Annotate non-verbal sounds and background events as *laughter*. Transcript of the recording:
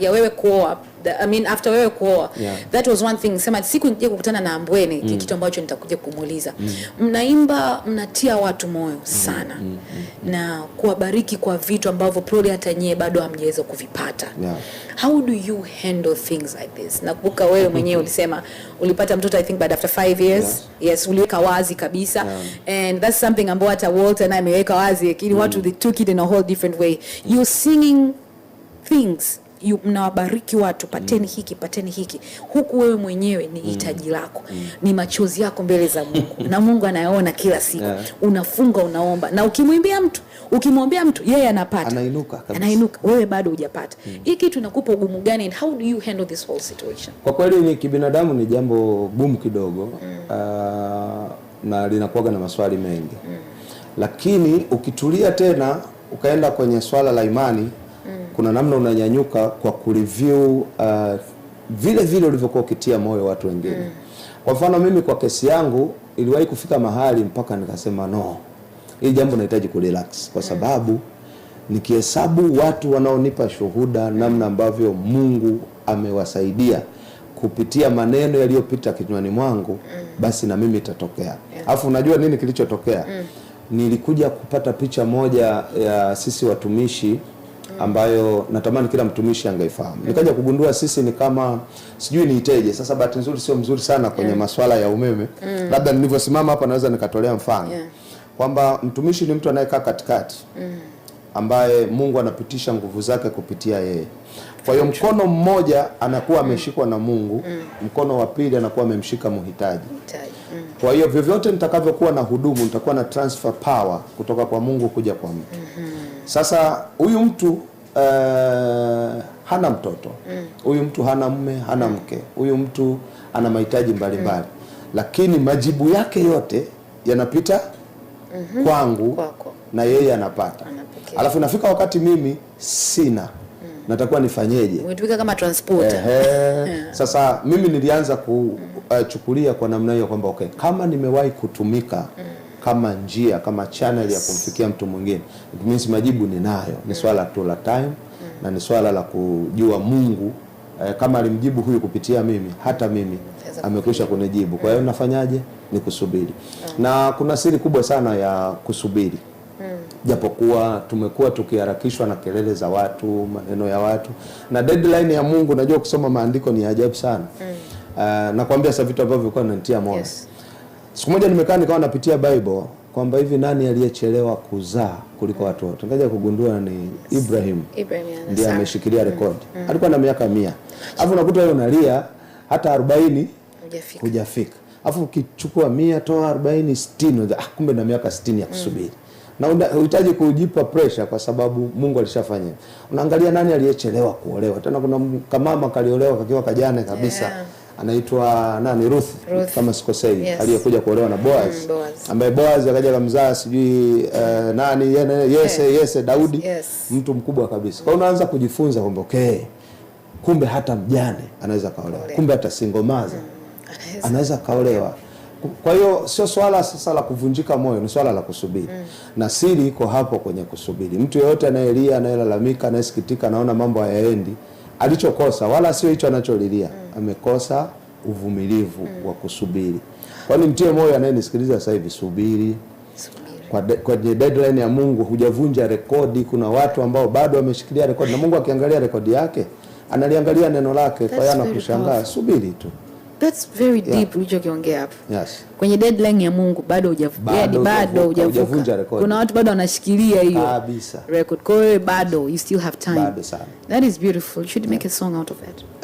ya wewe kuoa I mean after wewe kuoa yeah. That was one thing. Sema siku nje kukutana na Ambwene mm. Kitu ambacho nitakuja kumuuliza mm. Mnaimba, mnatia watu moyo mm. sana mm. Mm. Mm. na kuwabariki kwa vitu ambavyo probably hata nyewe bado hamjaweza kuvipata yeah. How do you handle things like this? Nakumbuka wewe *laughs* mwenyewe ulisema ulipata mtoto I think but after five years yes, yes uliweka wazi kabisa yeah. And that's something ambao hata Walter naye ameweka wazi lakini mm. watu they took it in a whole different way. You singing things mnawabariki watu, pateni mm. hiki, pateni hiki, huku wewe mwenyewe ni mm. hitaji lako, mm. ni machozi yako mbele za Mungu, *laughs* na Mungu anayaona kila siku. Unafunga, unaomba, na ukimwimbia mtu, ukimwambia mtu, yeye anapata, anainuka kabisa, anainuka, wewe bado hujapata. Hii kitu inakupa ugumu gani, and how do you handle this whole situation? Kwa kweli ni kibinadamu, ni jambo gumu kidogo, ah, na linakuwaga na maswali mengi, lakini ukitulia tena ukaenda kwenye swala la imani kuna namna unanyanyuka kwa kureview uh, vile vile ulivyokuwa ukitia moyo watu wengine mm. Kwa mfano mimi kwa kesi yangu iliwahi kufika mahali mpaka nikasema no, hili jambo nahitaji kurelax kwa mm. sababu nikihesabu watu wanaonipa shuhuda namna ambavyo Mungu amewasaidia kupitia maneno yaliyopita kinywani mwangu, mm. basi na mimi itatokea. Alafu unajua nini kilichotokea? Mm. Nilikuja kupata picha moja ya sisi watumishi ambayo natamani kila mtumishi angeifahamu. Nikaja kugundua sisi ni kama sijui niiteje. Sasa bahati nzuri sio mzuri sana kwenye masuala ya umeme, mm. labda nilivyosimama hapa naweza nikatolea mfano kwamba mtumishi ni mtu anayekaa katikati mm ambaye Mungu anapitisha nguvu zake kupitia yeye. Kwa hiyo mkono mmoja anakuwa ameshikwa na Mungu, mm. mkono wa pili anakuwa amemshika mhitaji. Mm. Kwa hiyo vyovyote nitakavyokuwa na hudumu, nitakuwa na transfer power kutoka kwa Mungu kuja kwa mtu. Mm-hmm. Sasa huyu mtu uh, hana mtoto mm. huyu mtu hana mume, hana mke, huyu mtu ana mahitaji mbalimbali, lakini majibu yake yote yanapita mm-hmm. kwangu Kwako na yeye anapata, alafu nafika wakati mimi sina mm. natakuwa nifanyeje? Umetumika kama transporter. Ehe. *laughs* Sasa mimi nilianza kuchukulia uh, kwa namna hiyo kwamba okay, kama nimewahi kutumika mm. kama njia kama channel ya kumfikia mtu mwingine, it means majibu ninayo, ni mm. swala tu la time mm. na ni swala la kujua Mungu eh, kama alimjibu huyu kupitia mimi, hata mimi amekwisha kunijibu. Kwa hiyo mm. nafanyaje? Ni kusubiri, na kuna siri kubwa sana ya kusubiri japokuwa tumekuwa tukiharakishwa na kelele za watu, maneno ya watu na deadline ya Mungu. Najua kusoma maandiko ni ajabu sana mm. Uh, nakwambia sasa vitu ambavyo vilikuwa vinanitia moyo yes. Siku moja nimekaa nikawa napitia Bible kwamba hivi nani aliyechelewa kuzaa kuliko watu wote? Nikaja kugundua ni Ibrahim, Ibrahim ndiye ameshikilia mm. rekodi mm. Mm. alikuwa na miaka mia, alafu unakuta wewe unalia hata 40 hujafika, alafu ukichukua mia toa arobaini sitini, ah, kumbe na miaka sitini ya mm. kusubiri mm na unahitaji kujipa pressure kwa sababu Mungu alishafanya. Unaangalia nani aliyechelewa kuolewa. Tena kuna kamama kaliolewa kakiwa kajana kabisa yeah. Anaitwa nani? Ruth, Ruth kama sikosei, yes. Aliyekuja kuolewa na mm, Boaz, mm, Boaz, ambaye Boaz akaja kumzaa sijui uh, nani yese yese, yese Daudi, yes. Mtu mkubwa kabisa. Kwa unaanza kujifunza kwamba okay, kumbe hata mjane anaweza kaolewa, kumbe hata singomaza mm, anaweza kaolewa kwa hiyo sio swala sasa la kuvunjika moyo, ni swala la kusubiri mm. na siri iko hapo kwenye kusubiri. Mtu yeyote anayelia, anayelalamika, anayesikitika, anaona mambo hayaendi, alichokosa wala sio hicho anacholilia mm. amekosa uvumilivu mm. wa kusubiri. Kwani mtie moyo anayenisikiliza sasa hivi, subiri kwa de, de deadline ya Mungu hujavunja rekodi. Kuna watu ambao bado wameshikilia rekodi, na Mungu akiangalia rekodi yake analiangalia neno lake, kwa hiyo anakushangaa. Subiri tu. That's very yeah. deep ulichokiongea hapo. Yes. Kwenye deadline ya Mungu bado hujavunja bado hujavuka. Kuna watu bado wanashikilia hiyo. Kabisa. Record. Kwa hiyo bado you still have time. Bado sana. That is beautiful. You should yeah. make a song out of it.